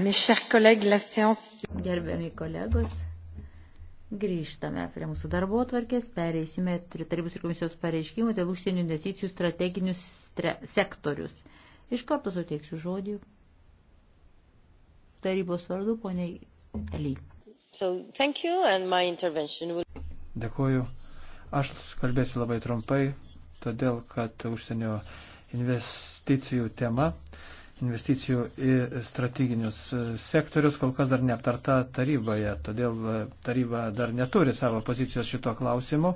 Gerbiami kolegos, grįžtame prie mūsų darbo atvarkės, pereisime tarybos ir komisijos pareiškimų dėl užsienio investicijų strateginius sektorius. Iš karto suteiksiu žodį tarybos vardu poniai Eli. So, will... Dėkuoju. Aš kalbėsiu labai trumpai, todėl kad užsienio investicijų tema investicijų į strateginius e, sektorius kol kas dar neaptarta taryboje, todėl e, taryba dar neturi savo pozicijos šito klausimu.